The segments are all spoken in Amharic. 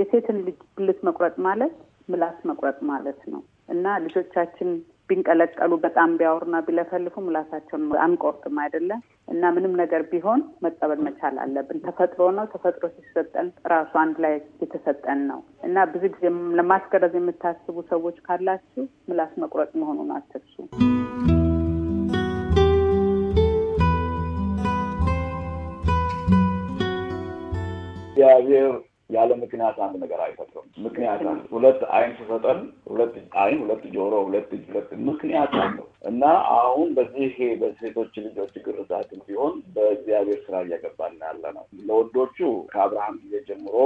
የሴትን ልጅ ብልት መቁረጥ ማለት ምላስ መቁረጥ ማለት ነው እና ልጆቻችን ቢንቀለቀሉ በጣም ቢያወሩና ቢለፈልፉ ምላሳቸውን አንቆርጥም አይደለም እና ምንም ነገር ቢሆን መቀበል መቻል አለብን። ተፈጥሮ ነው። ተፈጥሮ ሲሰጠን ራሱ አንድ ላይ የተሰጠን ነው እና ብዙ ጊዜ ለማስገረዝ የምታስቡ ሰዎች ካላችሁ ምላስ መቁረጥ መሆኑን አትርሱ። እግዚአብሔር ያለ ምክንያት አንድ ነገር አይፈጥርም። ምክንያት አለ። ሁለት አይን ሲፈጠን ሁለት አይን፣ ሁለት ጆሮ፣ ሁለት እጅ፣ ሁለት ምክንያት አለው እና አሁን በዚህ በሴቶች ልጆች ግርዛትም ቢሆን በእግዚአብሔር ስራ እያገባን ያለ ነው። ለወንዶቹ ከአብርሃም ጊዜ ጀምሮ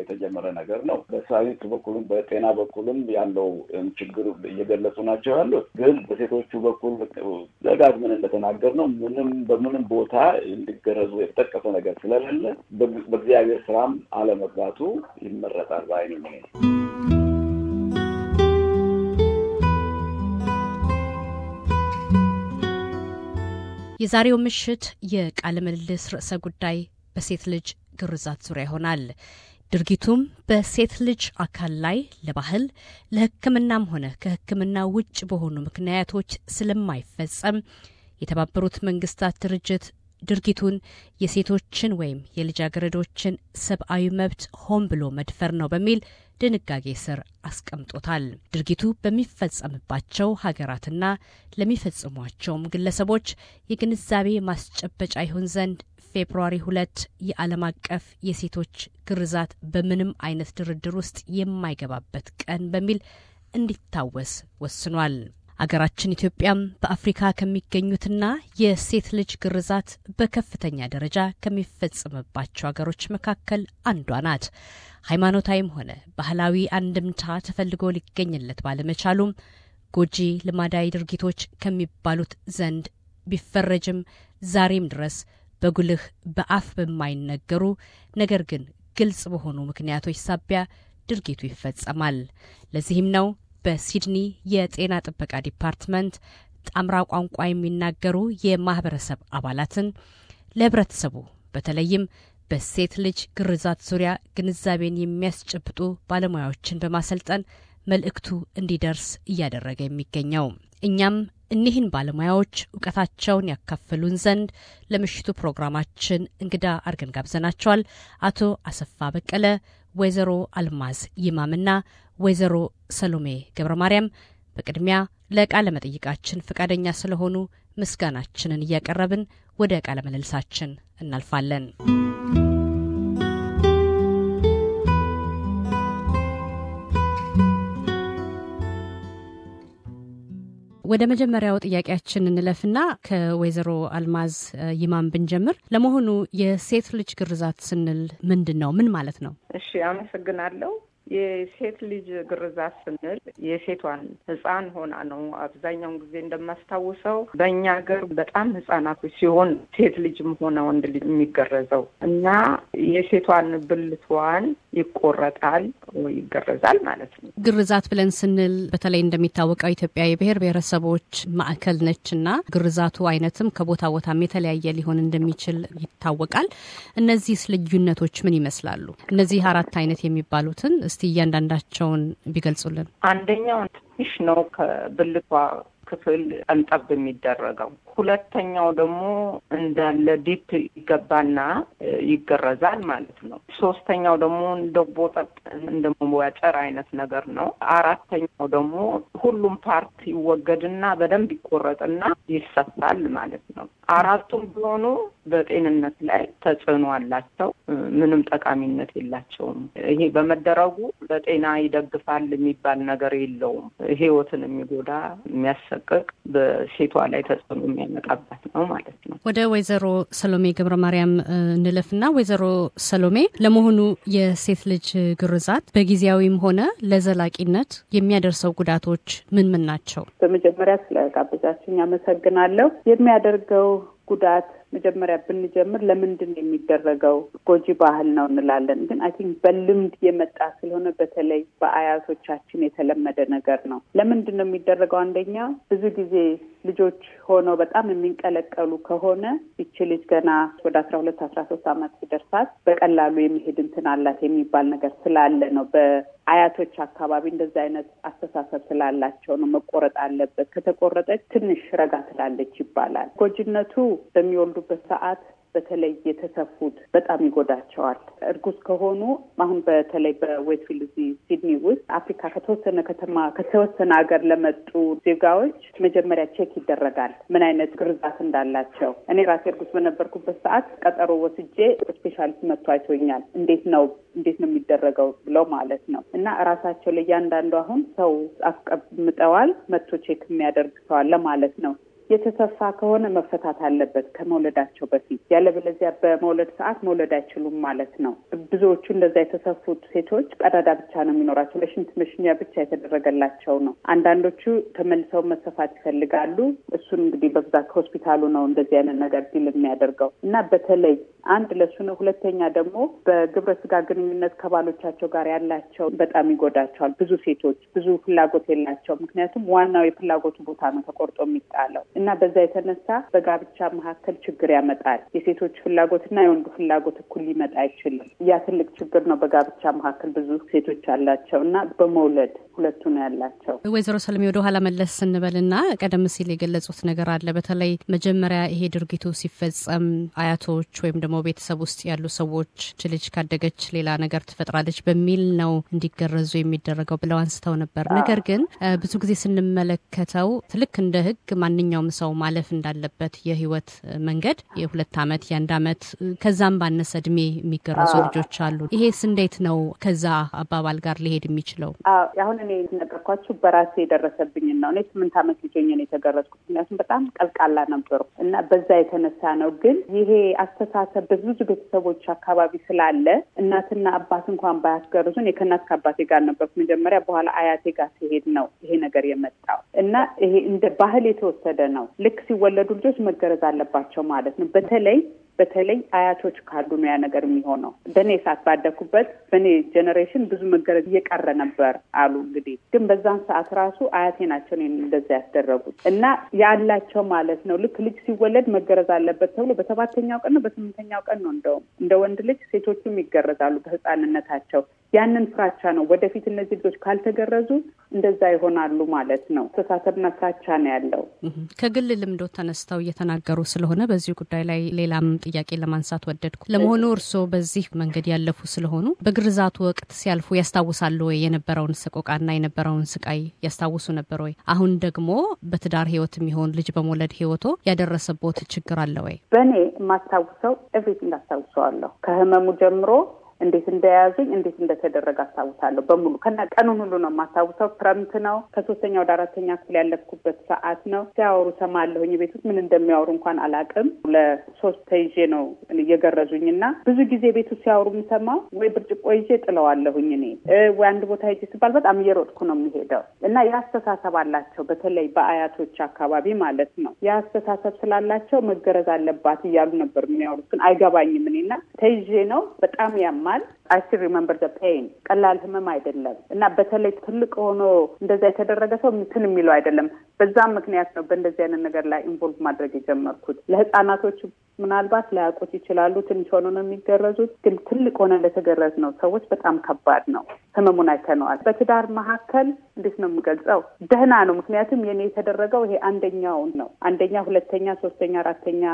የተጀመረ ነገር ነው። በሳይንስ በኩልም በጤና በኩልም ያለው ችግር እየገለጹ ናቸው ያሉት። ግን በሴቶቹ በኩል ደጋግመን እንደተናገር ነው ምንም በምንም ቦታ እንዲገረዙ የተጠቀሰ ነገር ስለሌለ በእግዚአብሔር ስራም አለመግባት መምጣቱ ይመረጣል በአይነ የዛሬው ምሽት የቃለ ምልልስ ርዕሰ ጉዳይ በሴት ልጅ ግርዛት ዙሪያ ይሆናል። ድርጊቱም በሴት ልጅ አካል ላይ ለባህል ለሕክምናም ሆነ ከሕክምና ውጭ በሆኑ ምክንያቶች ስለማይፈጸም የተባበሩት መንግስታት ድርጅት ድርጊቱን የሴቶችን ወይም የልጃገረዶችን ሰብአዊ መብት ሆን ብሎ መድፈር ነው በሚል ድንጋጌ ስር አስቀምጦታል። ድርጊቱ በሚፈጸምባቸው ሀገራትና ለሚፈጽሟቸውም ግለሰቦች የግንዛቤ ማስጨበጫ ይሆን ዘንድ ፌብሯሪ ሁለት የዓለም አቀፍ የሴቶች ግርዛት በምንም አይነት ድርድር ውስጥ የማይገባበት ቀን በሚል እንዲታወስ ወስኗል። አገራችን ኢትዮጵያም በአፍሪካ ከሚገኙትና የሴት ልጅ ግርዛት በከፍተኛ ደረጃ ከሚፈጸምባቸው አገሮች መካከል አንዷ ናት። ሃይማኖታዊም ሆነ ባህላዊ አንድምታ ተፈልጎ ሊገኝለት ባለመቻሉም ጎጂ ልማዳዊ ድርጊቶች ከሚባሉት ዘንድ ቢፈረጅም ዛሬም ድረስ በጉልህ በአፍ በማይነገሩ ነገር ግን ግልጽ በሆኑ ምክንያቶች ሳቢያ ድርጊቱ ይፈጸማል። ለዚህም ነው በሲድኒ የጤና ጥበቃ ዲፓርትመንት ጣምራ ቋንቋ የሚናገሩ የማህበረሰብ አባላትን ለህብረተሰቡ በተለይም በሴት ልጅ ግርዛት ዙሪያ ግንዛቤን የሚያስጨብጡ ባለሙያዎችን በማሰልጠን መልእክቱ እንዲደርስ እያደረገ የሚገኘው እኛም እኒህን ባለሙያዎች እውቀታቸውን ያካፍሉን ዘንድ ለምሽቱ ፕሮግራማችን እንግዳ አድርገን ጋብዘናቸዋል። አቶ አሰፋ በቀለ ወይዘሮ አልማዝ ይማምና ወይዘሮ ሰሎሜ ገብረ ማርያም በቅድሚያ ለቃለ መጠይቃችን ፈቃደኛ ስለሆኑ ምስጋናችንን እያቀረብን ወደ ቃለ ምልልሳችን እናልፋለን። ወደ መጀመሪያው ጥያቄያችን እንለፍና ከወይዘሮ አልማዝ ይማም ብንጀምር። ለመሆኑ የሴት ልጅ ግርዛት ስንል ምንድን ነው? ምን ማለት ነው? እሺ፣ አመሰግናለሁ። የሴት ልጅ ግርዛት ስንል የሴቷን ህፃን ሆና ነው። አብዛኛውን ጊዜ እንደማስታውሰው በእኛ ሀገር በጣም ሕጻናቶች ሲሆን ሴት ልጅም ሆነ ወንድ ልጅ የሚገረዘው እና የሴቷን ብልቷን ይቆረጣል ወይ ይገረዛል ማለት ነው። ግርዛት ብለን ስንል በተለይ እንደሚታወቀው ኢትዮጵያ የብሔር ብሔረሰቦች ማዕከል ነች እና ግርዛቱ አይነትም ከቦታ ቦታም የተለያየ ሊሆን እንደሚችል ይታወቃል። እነዚህስ ልዩነቶች ምን ይመስላሉ? እነዚህ አራት አይነት የሚባሉትን እስቲ እያንዳንዳቸውን ቢገልጹልን። አንደኛው ትንሽ ነው፣ ከብልቷ ክፍል አንጠብ የሚደረገው ሁለተኛው ደግሞ እንዳለ ዲፕ ይገባና ይገረዛል ማለት ነው። ሶስተኛው ደግሞ እንደ ቦጠጥ እንደ ጨር አይነት ነገር ነው። አራተኛው ደግሞ ሁሉም ፓርት ይወገድና በደንብ ይቆረጥና ይሰፋል ማለት ነው። አራቱም ቢሆኑ በጤንነት ላይ ተጽዕኖ አላቸው። ምንም ጠቃሚነት የላቸውም። ይሄ በመደረጉ ለጤና ይደግፋል የሚባል ነገር የለውም። ህይወትን የሚጎዳ የሚያሰቅቅ፣ በሴቷ ላይ ተጽዕኖ የሚያመጣባት ነው ማለት ነው። ወደ ወይዘሮ ሰሎሜ ገብረ ማርያም እንለፍና ወይዘሮ ሰሎሜ ለመሆኑ የሴት ልጅ ግርዛት በጊዜያዊም ሆነ ለዘላቂነት የሚያደርሰው ጉዳቶች ምን ምን ናቸው? በመጀመሪያ ስለጋበዛችሁኝ አመሰግናለሁ። የሚያደርገው ጉዳት መጀመሪያ ብንጀምር ለምንድን የሚደረገው? ጎጂ ባህል ነው እንላለን፣ ግን አይ ቲንክ በልምድ የመጣ ስለሆነ በተለይ በአያቶቻችን የተለመደ ነገር ነው። ለምንድን ነው የሚደረገው? አንደኛ ብዙ ጊዜ ልጆች ሆነው በጣም የሚንቀለቀሉ ከሆነ ይቺ ልጅ ገና ወደ አስራ ሁለት አስራ ሶስት አመት ሲደርሳት በቀላሉ የሚሄድ እንትን አላት የሚባል ነገር ስላለ ነው። በአያቶች አካባቢ እንደዚ አይነት አስተሳሰብ ስላላቸው ነው መቆረጥ አለበት ከተቆረጠች ትንሽ ረጋ ትላለች ይባላል። ጎጂነቱ በሚወልዱበት ሰዓት በተለይ የተሰፉት በጣም ይጎዳቸዋል። እርጉዝ ከሆኑ አሁን በተለይ በዌትፊልድ እዚህ ሲድኒ ውስጥ አፍሪካ ከተወሰነ ከተማ ከተወሰነ ሀገር ለመጡ ዜጋዎች መጀመሪያ ቼክ ይደረጋል፣ ምን አይነት ግርዛት እንዳላቸው። እኔ ራሴ እርጉዝ በነበርኩበት ሰዓት ቀጠሮ ወስጄ ስፔሻሊስት መጥቶ አይቶኛል። እንዴት ነው እንዴት ነው የሚደረገው ብለው ማለት ነው። እና ራሳቸው ለእያንዳንዱ አሁን ሰው አስቀምጠዋል መጥቶ ቼክ የሚያደርግ ሰዋል ለማለት ነው። የተሰፋ ከሆነ መፈታት አለበት ከመውለዳቸው በፊት ያለበለዚያ በመውለድ ሰዓት መውለድ አይችሉም ማለት ነው። ብዙዎቹ እንደዛ የተሰፉት ሴቶች ቀዳዳ ብቻ ነው የሚኖራቸው፣ ለሽንት መሽኛ ብቻ የተደረገላቸው ነው። አንዳንዶቹ ተመልሰው መሰፋት ይፈልጋሉ። እሱን እንግዲህ በብዛት ከሆስፒታሉ ነው እንደዚህ አይነት ነገር ዲል የሚያደርገው እና በተለይ አንድ ለሱ ነው። ሁለተኛ ደግሞ በግብረ ስጋ ግንኙነት ከባሎቻቸው ጋር ያላቸው በጣም ይጎዳቸዋል። ብዙ ሴቶች ብዙ ፍላጎት የላቸው። ምክንያቱም ዋናው የፍላጎቱ ቦታ ነው ተቆርጦ የሚጣለው እና በዛ የተነሳ በጋብቻ መካከል ችግር ያመጣል። የሴቶች ፍላጎትና የወንዱ ፍላጎት እኩል ሊመጣ አይችልም። ያ ትልቅ ችግር ነው። በጋብቻ መካከል ብዙ ሴቶች አላቸው እና በመውለድ ሁለቱ ነው ያላቸው። ወይዘሮ ሰለሚ ወደ ኋላ መለስ ስንበልና ቀደም ሲል የገለጹት ነገር አለ። በተለይ መጀመሪያ ይሄ ድርጊቱ ሲፈጸም አያቶች ወይም ደግሞ ደግሞ ቤተሰብ ውስጥ ያሉ ሰዎች ልጅ ካደገች ሌላ ነገር ትፈጥራለች በሚል ነው እንዲገረዙ የሚደረገው ብለው አንስተው ነበር። ነገር ግን ብዙ ጊዜ ስንመለከተው ትልክ እንደ ህግ ማንኛውም ሰው ማለፍ እንዳለበት የህይወት መንገድ የሁለት ዓመት የአንድ ዓመት ከዛም ባነሰ እድሜ የሚገረዙ ልጆች አሉ። ይሄስ እንዴት ነው ከዛ አባባል ጋር ሊሄድ የሚችለው? አሁን እኔ ነገርኳችሁ በራሴ የደረሰብኝ ነው። እኔ ስምንት አመት ልጆኝ ነው የተገረዝኩት። ምክንያቱም በጣም ቀልቃላ ነበሩ እና በዛ የተነሳ ነው። ግን ይሄ አስተሳሰብ የሚደረስበት ብዙ ቤተሰቦች አካባቢ ስላለ እናትና አባት እንኳን ባያስገርዙን ከእናት ከአባቴ ጋር ነበርኩ መጀመሪያ። በኋላ አያቴ ጋር ሲሄድ ነው ይሄ ነገር የመጣው እና ይሄ እንደ ባህል የተወሰደ ነው። ልክ ሲወለዱ ልጆች መገረዝ አለባቸው ማለት ነው። በተለይ በተለይ አያቶች ካሉ ነው ያ ነገር የሚሆነው። በእኔ ሰዓት ባደኩበት በእኔ ጀኔሬሽን ብዙ መገረዝ እየቀረ ነበር አሉ። እንግዲህ ግን በዛን ሰዓት ራሱ አያቴ ናቸው እንደዛ ያስደረጉት እና ያላቸው ማለት ነው። ልክ ልጅ ሲወለድ መገረዝ አለበት ተብሎ በሰባተኛው ቀን ነው በስምንተኛው ቀን ነው እንደውም እንደ ወንድ ልጅ ሴቶቹም ይገረዛሉ በህፃንነታቸው። ያንን ፍራቻ ነው ወደፊት እነዚህ ልጆች ካልተገረዙ እንደዛ ይሆናሉ ማለት ነው። አስተሳሰብና ፍራቻ ነው ያለው። ከግል ልምዶ ተነስተው እየተናገሩ ስለሆነ በዚህ ጉዳይ ላይ ሌላም ጥያቄ ለማንሳት ወደድኩ። ለመሆኑ እርስዎ በዚህ መንገድ ያለፉ ስለሆኑ በግርዛቱ ወቅት ሲያልፉ ያስታውሳሉ ወይ? የነበረውን ሰቆቃና የነበረውን ስቃይ ያስታውሱ ነበር ወይ? አሁን ደግሞ በትዳር ህይወት የሚሆን ልጅ በመውለድ ህይወቶ ያደረሰቦት ችግር አለ ወይ? በእኔ የማስታውሰው ኤቭሪቲንግ አስታውሰዋለሁ ከህመሙ ጀምሮ እንዴት እንደያዘኝ እንዴት እንደተደረገ አስታውሳለሁ በሙሉ ከና ቀኑን ሁሉ ነው የማስታውሰው። ክረምት ነው። ከሶስተኛ ወደ አራተኛ ክፍል ያለፍኩበት ሰዓት ነው። ሲያወሩ ሰማለሁኝ። ቤት ውስጥ ምን እንደሚያወሩ እንኳን አላቅም። ለሶስት ተይዤ ነው እየገረዙኝ እና ብዙ ጊዜ ቤት ውስጥ ሲያወሩ የምሰማው ወይ ብርጭቆ ይዤ ጥለዋለሁኝ እኔ ወይ አንድ ቦታ ሄጄ ስባል በጣም እየሮጥኩ ነው የሚሄደው እና የአስተሳሰብ አላቸው። በተለይ በአያቶች አካባቢ ማለት ነው የአስተሳሰብ ስላላቸው መገረዝ አለባት እያሉ ነበር የሚያወሩት። ግን አይገባኝም እኔና ተይዤ ነው በጣም ያማ one. አይ ስቲል ሪመምበር ዘ ፔን ቀላል ህመም አይደለም እና በተለይ ትልቅ ሆኖ እንደዛ የተደረገ ሰው እንትን የሚለው አይደለም። በዛም ምክንያት ነው በእንደዚህ አይነት ነገር ላይ ኢንቮልቭ ማድረግ የጀመርኩት። ለህፃናቶች ምናልባት ላያውቁት ይችላሉ። ትንሽ ሆኖ ነው የሚገረዙት፣ ግን ትልቅ ሆነ እንደተገረዝ ነው ሰዎች በጣም ከባድ ነው። ህመሙን አይተነዋል። በትዳር መካከል እንዴት ነው የምገልጸው? ደህና ነው። ምክንያቱም የኔ የተደረገው ይሄ አንደኛው ነው። አንደኛ፣ ሁለተኛ፣ ሶስተኛ፣ አራተኛ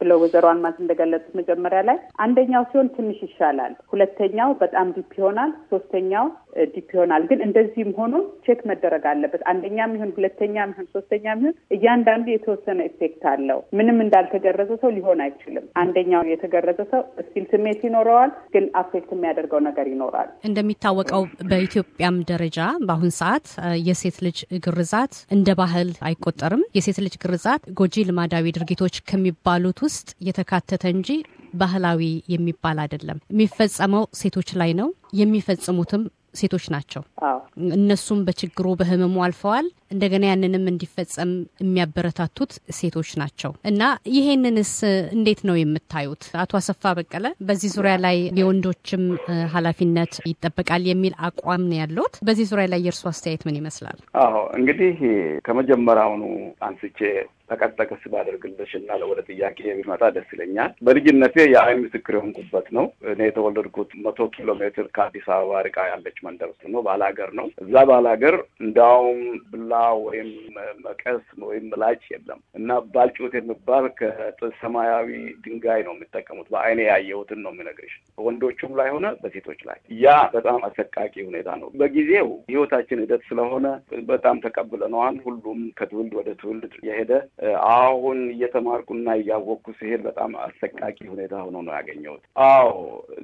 ብለው ወይዘሮ አልማዝ እንደገለጹት መጀመሪያ ላይ አንደኛው ሲሆን ትንሽ ይሻላል። ሁለተኛ አንደኛው በጣም ዲፕ ይሆናል፣ ሶስተኛው ዲፕ ይሆናል። ግን እንደዚህም ሆኖ ቼክ መደረግ አለበት። አንደኛም ይሁን ሁለተኛም ይሁን ሶስተኛም ይሁን እያንዳንዱ የተወሰነ ኢፌክት አለው። ምንም እንዳልተገረዘ ሰው ሊሆን አይችልም። አንደኛው የተገረዘ ሰው ስቲል ስሜት ይኖረዋል፣ ግን አፌክት የሚያደርገው ነገር ይኖራል። እንደሚታወቀው በኢትዮጵያም ደረጃ በአሁን ሰዓት የሴት ልጅ ግርዛት እንደ ባህል አይቆጠርም። የሴት ልጅ ግርዛት ጎጂ ልማዳዊ ድርጊቶች ከሚባሉት ውስጥ የተካተተ እንጂ ባህላዊ የሚባል አይደለም። የሚፈጸመው ሴቶች ላይ ነው፣ የሚፈጽሙትም ሴቶች ናቸው። እነሱም በችግሩ በህመሙ አልፈዋል። እንደገና ያንንም እንዲፈጸም የሚያበረታቱት ሴቶች ናቸው እና ይሄንንስ እንዴት ነው የምታዩት? አቶ አሰፋ በቀለ፣ በዚህ ዙሪያ ላይ የወንዶችም ኃላፊነት ይጠበቃል የሚል አቋም ነው ያለውት በዚህ ዙሪያ ላይ የእርሱ አስተያየት ምን ይመስላል? አዎ እንግዲህ ከመጀመሪያውኑ አንስቼ ጠቀስ ጠቀስ ባደርግልሽ እና ወደ ጥያቄ የሚመጣ ደስ ይለኛል። በልጅነቴ የአይን ምስክር የሆንኩበት ነው። እኔ የተወለድኩት መቶ ኪሎ ሜትር ከአዲስ አበባ ርቃ ያለች መንደር ውስጥ ነው። ባላገር ነው። እዛ ባላገር እንዲያውም ብላ ወይም መቀስ ወይም ምላጭ የለም እና ባልጩት የሚባል ከሰማያዊ ድንጋይ ነው የሚጠቀሙት። በአይኔ ያየሁትን ነው የሚነግርሽ። ወንዶቹም ላይ ሆነ በሴቶች ላይ ያ በጣም አሰቃቂ ሁኔታ ነው። በጊዜው ህይወታችን ሂደት ስለሆነ በጣም ተቀብለነዋል። ሁሉም ከትውልድ ወደ ትውልድ የሄደ አሁን እየተማርኩና እያወቅኩ ሲሄድ በጣም አሰቃቂ ሁኔታ ሆኖ ነው ያገኘሁት። አዎ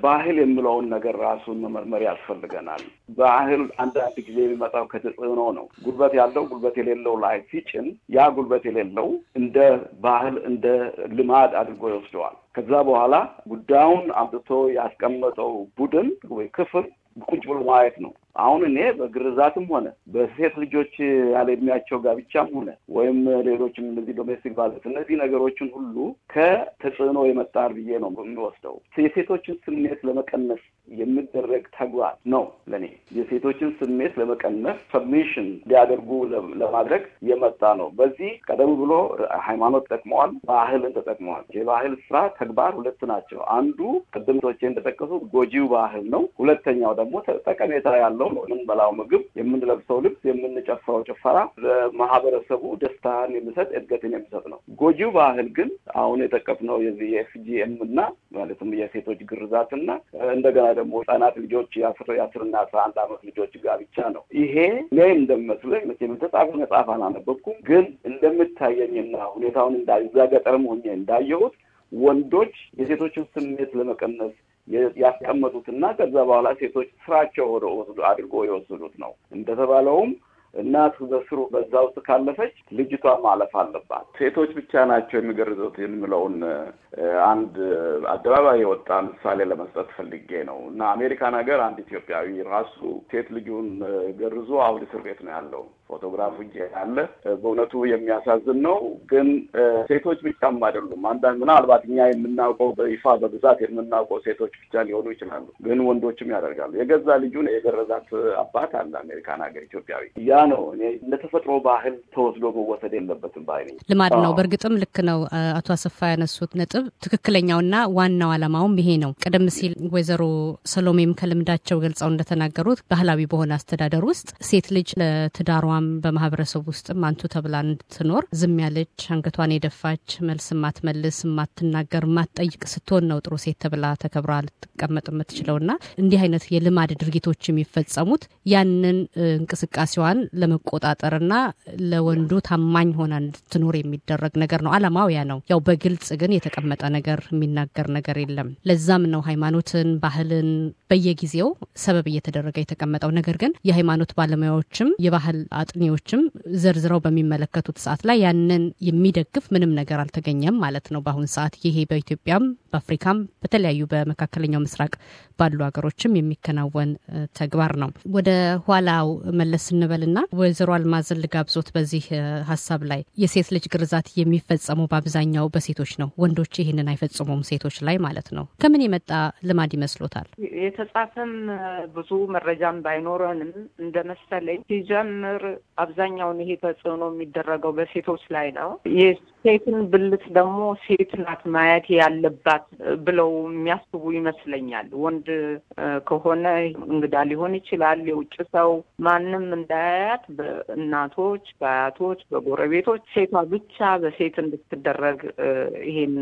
ባህል የምለውን ነገር ራሱን መመርመር ያስፈልገናል። ባህል አንዳንድ ጊዜ የሚመጣው ከተጽዕኖ ነው። ጉልበት ያለው ጉልበት የሌለው ላይ ሲጭን፣ ያ ጉልበት የሌለው እንደ ባህል እንደ ልማድ አድርጎ ይወስደዋል። ከዛ በኋላ ጉዳዩን አምጥቶ ያስቀመጠው ቡድን ወይ ክፍል ቁጭ ብሎ ማየት ነው። አሁን እኔ በግርዛትም ሆነ በሴት ልጆች ያለ እድሜያቸው ጋብቻም ሆነ ወይም ሌሎችም እነዚህ ዶሜስቲክ ቫለት እነዚህ ነገሮችን ሁሉ ከተጽዕኖ የመጣር ብዬ ነው የሚወስደው። የሴቶችን ስሜት ለመቀነስ የሚደረግ ተግባር ነው ለእኔ የሴቶችን ስሜት ለመቀነስ ሰብሚሽን እንዲያደርጉ ለማድረግ የመጣ ነው። በዚህ ቀደም ብሎ ሃይማኖት ተጠቅመዋል፣ ባህልን ተጠቅመዋል። የባህል ስራ ተግባር ሁለት ናቸው። አንዱ ቅድምቶቼ እንደጠቀሱት ጎጂው ባህል ነው። ሁለተኛው ደግሞ ጠቀሜታ ያለው የምንበላው የምንበላው ምግብ፣ የምንለብሰው ልብስ፣ የምንጨፍረው ጭፈራ ለማህበረሰቡ ደስታን የሚሰጥ እድገትን የሚሰጥ ነው። ጎጂው ባህል ግን አሁን የጠቀስነው የዚህ የኤፍጂኤም እና ማለትም የሴቶች ግርዛት እና እንደገና ደግሞ ህጻናት ልጆች የአስር የአስርና አስራ አንድ አመት ልጆች ጋብቻ ነው። ይሄ እኔ እንደሚመስለኝ መቼም የተጻፈ መጽሐፍ አላነበብኩም፣ ግን እንደምታየኝና ሁኔታውን እንዳዛ ገጠርም ሆኜ እንዳየሁት ወንዶች የሴቶችን ስሜት ለመቀነስ ያስቀመጡትና ከዛ በኋላ ሴቶች ስራቸው ወደ ወስዶ አድርጎ የወሰዱት ነው። እንደተባለውም እናት በስሩ በዛ ውስጥ ካለፈች ልጅቷ ማለፍ አለባት። ሴቶች ብቻ ናቸው የሚገርዙት የምለውን አንድ አደባባይ የወጣ ምሳሌ ለመስጠት ፈልጌ ነው እና አሜሪካን ሀገር አንድ ኢትዮጵያዊ ራሱ ሴት ልጁን ገርዞ አሁን እስር ቤት ነው ያለው። ፎቶግራፉ ያለ በእውነቱ የሚያሳዝን ነው። ግን ሴቶች ብቻም አይደሉም። አንዳንድ ምናልባት እኛ የምናውቀው በይፋ በብዛት የምናውቀው ሴቶች ብቻ ሊሆኑ ይችላሉ። ግን ወንዶችም ያደርጋሉ። የገዛ ልጁን የገረዛት አባት አለ አሜሪካን ሀገር ኢትዮጵያዊ። ያ ነው እኔ እንደ ተፈጥሮ ባህል ተወስዶ መወሰድ የለበትም ባይ ልማድ ነው። በእርግጥም ልክ ነው። አቶ አሰፋ ያነሱት ነጥብ ትክክለኛውና ዋናው አላማውም ይሄ ነው። ቀደም ሲል ወይዘሮ ሰሎሜም ከልምዳቸው ገልጸው እንደተናገሩት ባህላዊ በሆነ አስተዳደር ውስጥ ሴት ልጅ ለትዳሯ በሙያዋም በማህበረሰብ ውስጥም አንቱ ተብላ እንድትኖር ዝም ያለች አንገቷን የደፋች መልስ ማትመልስ ማትናገር ማትጠይቅ ስትሆን ነው ጥሩ ሴት ተብላ ተከብራ ልትቀመጥ ና እንዲህ አይነት የልማድ ድርጊቶች የሚፈጸሙት ያንን እንቅስቃሴዋን ለመቆጣጠር ና ለወንዱ ታማኝ ሆና እንድትኖር የሚደረግ ነገር ነው። አላማው ያ ነው። ያው በግልጽ ግን የተቀመጠ ነገር የሚናገር ነገር የለም። ለዛም ነው ሃይማኖትን፣ ባህልን በየጊዜው ሰበብ እየተደረገ የተቀመጠው። ነገር ግን የሃይማኖት ባለሙያዎችም የባህል አጥኚዎችም ዘርዝረው በሚመለከቱት ሰዓት ላይ ያንን የሚደግፍ ምንም ነገር አልተገኘም ማለት ነው። በአሁን ሰዓት ይሄ በኢትዮጵያም በአፍሪካም በተለያዩ በመካከለኛው ምስራቅ ባሉ ሀገሮችም የሚከናወን ተግባር ነው። ወደ ኋላው መለስ ስንበልና ወይዘሮ አልማዝን ልጋብዞት በዚህ ሀሳብ ላይ የሴት ልጅ ግርዛት የሚፈጸመው በአብዛኛው በሴቶች ነው። ወንዶች ይህንን አይፈጽሙም፣ ሴቶች ላይ ማለት ነው። ከምን የመጣ ልማድ ይመስሎታል? የተጻፈም ብዙ መረጃም ባይኖረንም እንደ መሰለኝ ሲጀምር አብዛኛውን ይሄ ተጽዕኖ የሚደረገው በሴቶች ላይ ነው። ሴትን ብልት ደግሞ ሴት ናት ማየት ያለባት ብለው የሚያስቡ ይመስለኛል። ወንድ ከሆነ እንግዳ ሊሆን ይችላል፣ የውጭ ሰው ማንም እንዳያያት በእናቶች፣ በአያቶች፣ በጎረቤቶች ሴቷ ብቻ በሴት እንድትደረግ ይሄን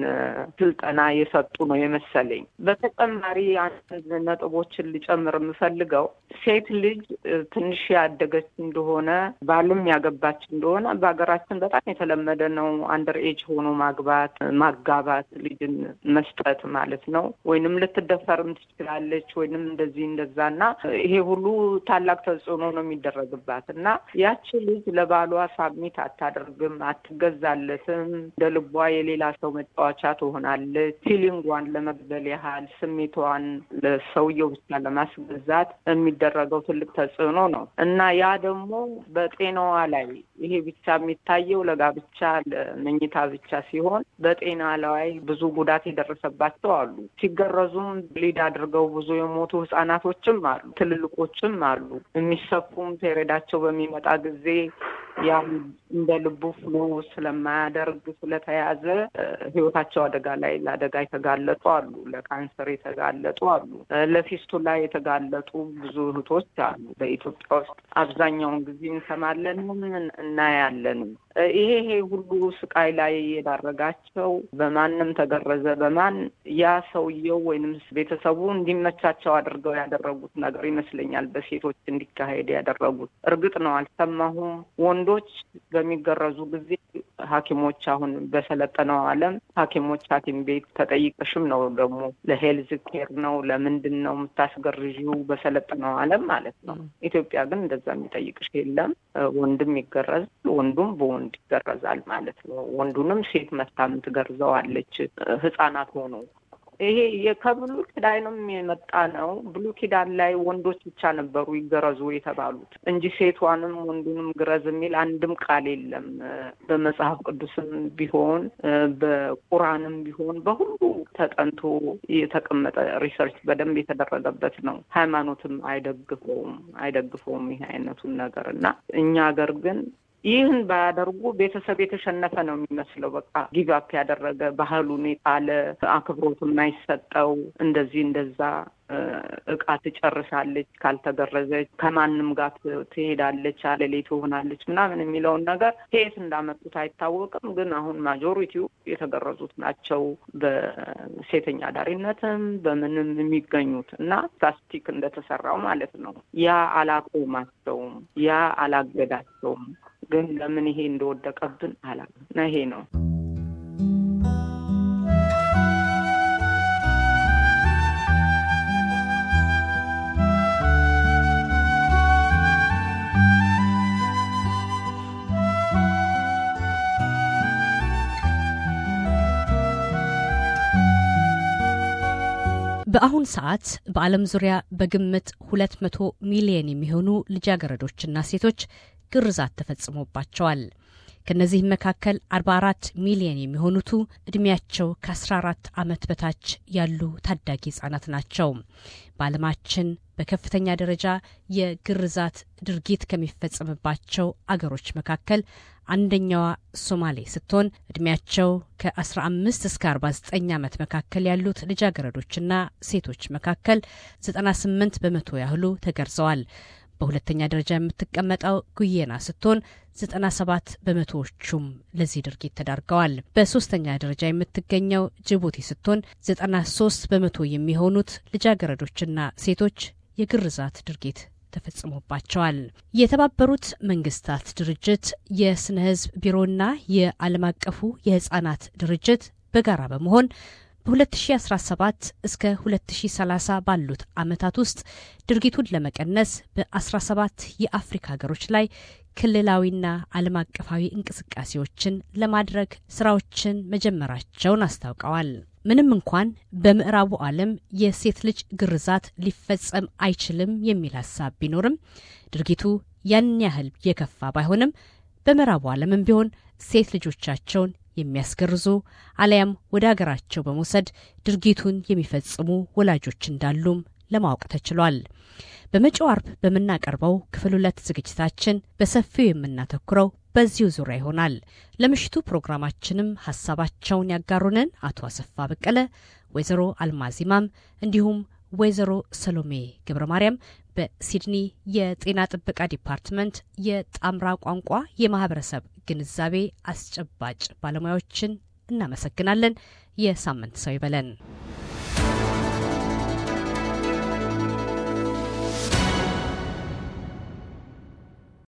ስልጠና የሰጡ ነው የመሰለኝ። በተጨማሪ አንድ ነጥቦችን ልጨምር የምፈልገው ሴት ልጅ ትንሽ ያደገች እንደሆነ ባልም ያገባች እንደሆነ በሀገራችን በጣም የተለመደ ነው አንድ አንደር ኤጅ ሆኖ ማግባት ማጋባት ልጅን መስጠት ማለት ነው። ወይንም ልትደፈርም ትችላለች ወይንም እንደዚህ እንደዛ እና ይሄ ሁሉ ታላቅ ተጽዕኖ ነው የሚደረግባት እና ያቺ ልጅ ለባሏ ሳሚት አታደርግም፣ አትገዛለትም፣ እንደ ልቧ የሌላ ሰው መጫወቻ ትሆናለች። ፊሊንጓን ለመግደል ያህል ስሜቷን ለሰውየው ብቻ ለማስገዛት የሚደረገው ትልቅ ተጽዕኖ ነው እና ያ ደግሞ በጤናዋ ላይ ይሄ ብቻ የሚታየው ለጋብቻ ለመኛ በመኝታ ብቻ ሲሆን በጤና ላይ ብዙ ጉዳት የደረሰባቸው አሉ። ሲገረዙም ብሊድ አድርገው ብዙ የሞቱ ህጻናቶችም አሉ፣ ትልልቆችም አሉ። የሚሰኩም ፔሬዳቸው በሚመጣ ጊዜ ያም እንደ ልቡ ፍሎ ስለማያደርግ ስለተያዘ ህይወታቸው አደጋ ላይ ለአደጋ የተጋለጡ አሉ። ለካንሰር የተጋለጡ አሉ። ለፊስቱላ የተጋለጡ ብዙ እህቶች አሉ። በኢትዮጵያ ውስጥ አብዛኛውን ጊዜ እንሰማለንም እናያለንም። ይሄ ይሄ ሁሉ ስቃይ ላይ የዳረጋቸው በማንም ተገረዘ በማን ያ ሰውየው ወይንም ቤተሰቡ እንዲመቻቸው አድርገው ያደረጉት ነገር ይመስለኛል። በሴቶች እንዲካሄድ ያደረጉት እርግጥ ነው አልሰማሁም። ወንዶች በሚገረዙ ጊዜ ሐኪሞች አሁን በሰለጠነው ዓለም ሐኪሞች ሐኪም ቤት ተጠይቀሽም ነው ደግሞ ለሄልዝ ኬር ነው ለምንድን ነው የምታስገርዥው በሰለጠነው ዓለም ማለት ነው። ኢትዮጵያ ግን እንደዛ የሚጠይቅሽ የለም። ወንድም ይገረዝ ወንዱም በወንዱ ወንድ ይገረዛል ማለት ነው። ወንዱንም ሴት መታም ትገርዘዋለች ህጻናት ሆኖ ይሄ ከብሉ ነው የመጣ ነው። ብሉ ኪዳን ላይ ወንዶች ብቻ ነበሩ ይገረዙ የተባሉት እንጂ ሴቷንም ወንዱንም ግረዝ የሚል አንድም ቃል የለም። በመጽሐፍ ቅዱስም ቢሆን በቁራንም ቢሆን በሁሉ ተጠንቶ የተቀመጠ ሪሰርች በደንብ የተደረገበት ነው። ሃይማኖትም አይደግፈውም አይደግፈውም ይህ አይነቱን ነገር እና እኛ ሀገር ግን ይህን ባያደርጉ ቤተሰብ የተሸነፈ ነው የሚመስለው። በቃ ጊቫፕ ያደረገ ባህሉን የጣለ አክብሮት የማይሰጠው እንደዚህ እንደዛ እቃ ትጨርሳለች፣ ካልተገረዘች ከማንም ጋር ትሄዳለች፣ አለሌ ትሆናለች ምናምን የሚለውን ነገር ከየት እንዳመጡት አይታወቅም። ግን አሁን ማጆሪቲው የተገረዙት ናቸው። በሴተኛ አዳሪነትም በምንም የሚገኙት እና ፕላስቲክ እንደተሰራው ማለት ነው። ያ አላቆማቸውም፣ ያ አላገዳቸውም። ግን ለምን ይሄ እንደወደቀብን አላ ይሄ ነው። በአሁን ሰዓት በዓለም ዙሪያ በግምት 200 ሚሊየን የሚሆኑ ልጃገረዶችና ሴቶች ግርዛት ተፈጽሞባቸዋል። ከእነዚህም መካከል 44 ሚሊየን የሚሆኑቱ ዕድሜያቸው ከ14 ዓመት በታች ያሉ ታዳጊ ህጻናት ናቸው። በዓለማችን በከፍተኛ ደረጃ የግርዛት ድርጊት ከሚፈጸምባቸው አገሮች መካከል አንደኛዋ ሶማሌ ስትሆን እድሜያቸው ከ15 እስከ 49 ዓመት መካከል ያሉት ልጃገረዶችና ሴቶች መካከል 98 በመቶ ያህሉ ተገርዘዋል። በሁለተኛ ደረጃ የምትቀመጠው ጉየና ስትሆን 97 በመቶዎቹም ለዚህ ድርጊት ተዳርገዋል። በሶስተኛ ደረጃ የምትገኘው ጅቡቲ ስትሆን 93 በመቶ የሚሆኑት ልጃገረዶችና ሴቶች የግርዛት ድርጊት ተፈጽሞባቸዋል። የተባበሩት መንግስታት ድርጅት የስነ ህዝብ ቢሮና የዓለም አቀፉ የህጻናት ድርጅት በጋራ በመሆን በ2017 እስከ 2030 ባሉት ዓመታት ውስጥ ድርጊቱን ለመቀነስ በ17 የአፍሪካ ሀገሮች ላይ ክልላዊና ዓለም አቀፋዊ እንቅስቃሴዎችን ለማድረግ ስራዎችን መጀመራቸውን አስታውቀዋል። ምንም እንኳን በምዕራቡ ዓለም የሴት ልጅ ግርዛት ሊፈጸም አይችልም የሚል ሀሳብ ቢኖርም ድርጊቱ ያን ያህል የከፋ ባይሆንም በምዕራቡ ዓለምም ቢሆን ሴት ልጆቻቸውን የሚያስገርዙ አሊያም ወደ አገራቸው በመውሰድ ድርጊቱን የሚፈጽሙ ወላጆች እንዳሉም ለማወቅ ተችሏል። በመጪው አርብ በምናቀርበው ክፍል ሁለት ዝግጅታችን በሰፊው የምናተኩረው በዚሁ ዙሪያ ይሆናል። ለምሽቱ ፕሮግራማችንም ሀሳባቸውን ያጋሩንን አቶ አሰፋ በቀለ፣ ወይዘሮ አልማዚማም እንዲሁም ወይዘሮ ሰሎሜ ገብረ ማርያም በሲድኒ የጤና ጥበቃ ዲፓርትመንት የጣምራ ቋንቋ የማህበረሰብ ግንዛቤ አስጨባጭ ባለሙያዎችን እናመሰግናለን። የሳምንት ሰው ይበለን።